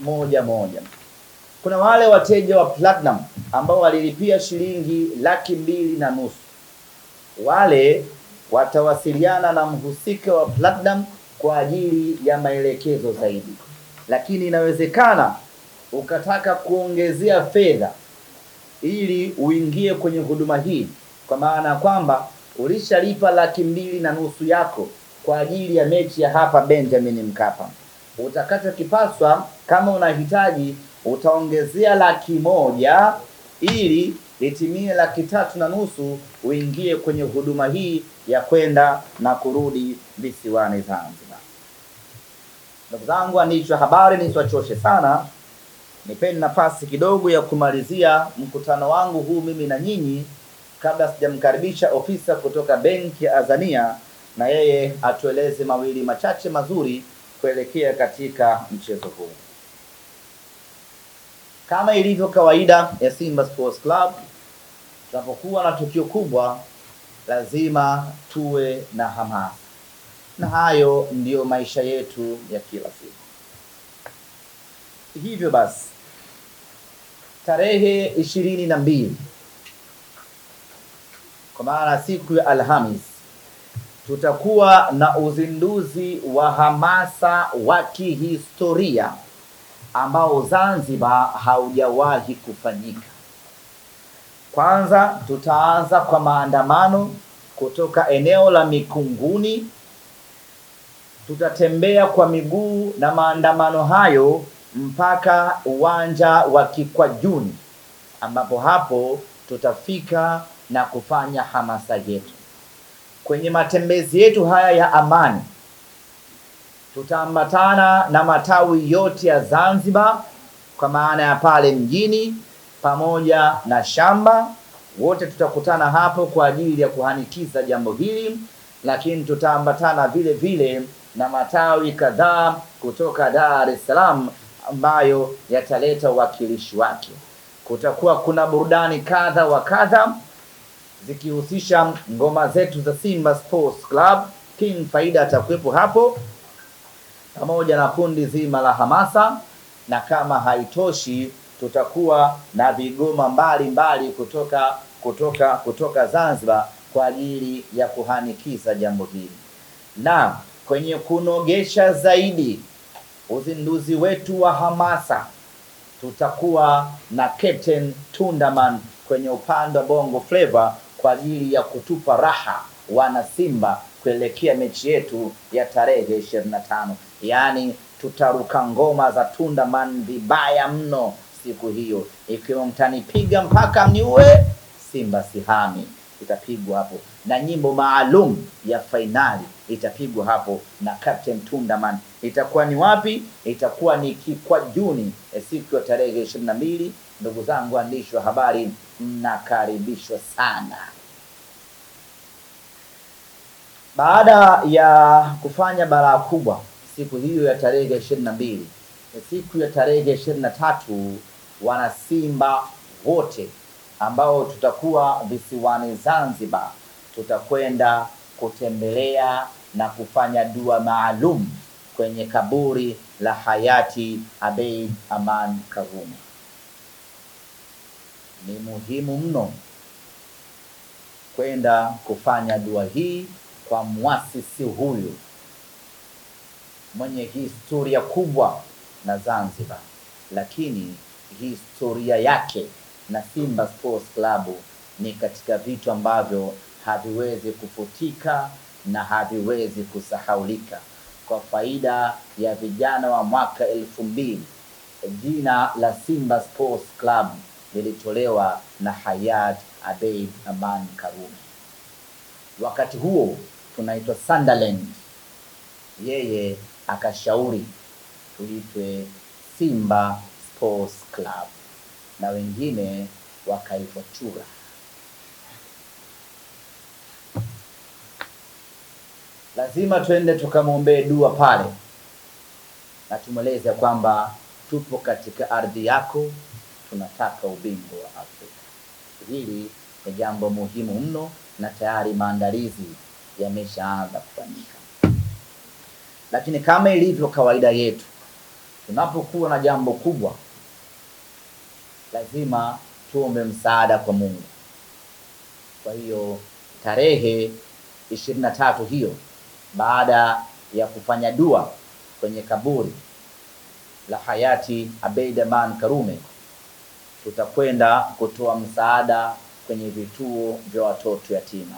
moja moja. Kuna wale wateja wa Platinum ambao walilipia shilingi laki mbili na nusu. Wale watawasiliana na mhusika wa Platinum kwa ajili ya maelekezo zaidi, lakini inawezekana ukataka kuongezea fedha ili uingie kwenye huduma hii, kwa maana ya kwamba ulishalipa laki mbili na nusu yako kwa ajili ya mechi ya hapa Benjamin Mkapa utakachokipaswa kama unahitaji utaongezea laki moja ili litimie laki tatu na nusu uingie kwenye huduma hii ya kwenda na kurudi visiwani Zanzibar. Ndugu zangu waandishi wa habari, nisiwachoshe sana, nipeni nafasi kidogo ya kumalizia mkutano wangu huu mimi na nyinyi, kabla sijamkaribisha ofisa kutoka benki ya Azania na yeye atueleze mawili machache mazuri kuelekea katika mchezo huu. Kama ilivyo kawaida ya Simba Sports Club, tunapokuwa na tukio kubwa lazima tuwe na hamasa, na hayo ndiyo maisha yetu ya kila siku. Hivyo basi, tarehe ishirini na mbili kwa maana siku ya Alhamis tutakuwa na uzinduzi wa hamasa wa kihistoria ambao Zanzibar haujawahi kufanyika. Kwanza tutaanza kwa maandamano kutoka eneo la Mikunguni. Tutatembea kwa miguu na maandamano hayo mpaka uwanja wa Kikwajuni ambapo hapo tutafika na kufanya hamasa yetu kwenye matembezi yetu haya ya amani tutaambatana na matawi yote ya Zanzibar kwa maana ya pale mjini pamoja na shamba, wote tutakutana hapo kwa ajili ya kuhanikiza jambo hili, lakini tutaambatana vile vile na matawi kadhaa kutoka Dar es Salaam ambayo yataleta uwakilishi wake. Kutakuwa kuna burudani kadha wa kadha zikihusisha ngoma zetu za Simba Sports Club. King Faida atakuwepo hapo pamoja na kundi zima la hamasa, na kama haitoshi tutakuwa na vigoma mbalimbali kutoka kutoka kutoka Zanzibar kwa ajili ya kuhanikiza jambo hili. Na kwenye kunogesha zaidi uzinduzi wetu wa hamasa, tutakuwa na Captain Tundaman kwenye upande wa Bongo Flava kwa ajili ya kutupa raha wana Simba kuelekea mechi yetu ya tarehe ishirini na tano yaani tutaruka ngoma za man vibaya mno siku hiyo, ikiwa mtanipiga mpaka mniue, Simba sihami itapigwa hapo, na nyimbo maalum ya fainali itapigwa hapo na Captain Tundaman. Itakuwa ni wapi? Itakuwa ni Kikwajuni, eh, siku ya tarehe ishirini na mbili Ndugu zangu waandishi wa habari, mnakaribishwa sana. Baada ya kufanya balaa kubwa siku hiyo ya tarehe ishirini na mbili, siku ya tarehe ishirini na tatu wanasimba wote ambao tutakuwa visiwani Zanzibar tutakwenda kutembelea na kufanya dua maalum kwenye kaburi la hayati Abeid Aman Karume ni muhimu mno kwenda kufanya dua hii kwa mwasisi huyu mwenye historia kubwa na Zanzibar, lakini historia yake na Simba Sports Club ni katika vitu ambavyo haviwezi kufutika na haviwezi kusahaulika. Kwa faida ya vijana wa mwaka elfu mbili, jina la Simba Sports Club lilitolewa na Hayat Abeid Aman Karume. Wakati huo tunaitwa Sunderland, yeye akashauri tuitwe Simba Sports Club na wengine wakaitwa Chura. Lazima twende tukamwombee dua pale na tumweleze kwamba tupo katika ardhi yako tunataka ubingwa wa Afrika. Hili ni jambo muhimu mno na tayari maandalizi yameshaanza kufanyika. Lakini kama ilivyo kawaida yetu, tunapokuwa na jambo kubwa, lazima tuombe msaada kwa Mungu. Kwa hiyo tarehe ishirini na tatu hiyo, baada ya kufanya dua kwenye kaburi la hayati Abeid Karume tutakwenda kutoa msaada kwenye vituo vya watoto yatima,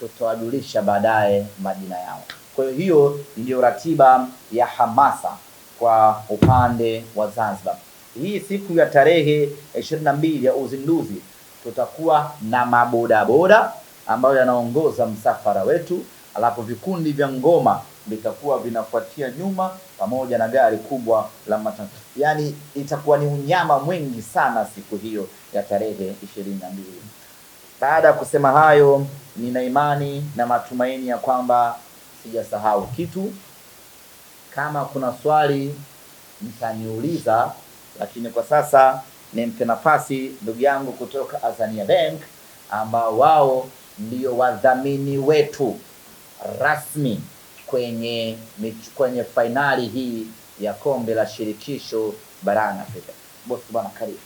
tutawajulisha baadaye majina yao. Kwa hiyo hiyo ndiyo ratiba ya hamasa kwa upande wa Zanzibar. Hii siku ya tarehe ishirini na mbili ya uzinduzi tutakuwa na mabodaboda ambayo yanaongoza msafara wetu, alafu vikundi vya ngoma vitakuwa vinafuatia nyuma pamoja na gari kubwa la matatu. Yaani itakuwa ni unyama mwingi sana siku hiyo ya tarehe ishirini na mbili. Baada ya kusema hayo, nina imani na matumaini ya kwamba sijasahau kitu. Kama kuna swali mtaniuliza, lakini kwa sasa nimpe nafasi ndugu yangu kutoka Azania Bank ambao wao ndio wadhamini wetu rasmi kwenye, kwenye fainali hii ya kombe la shirikisho barani Afrika. Bosi bwana, karibu.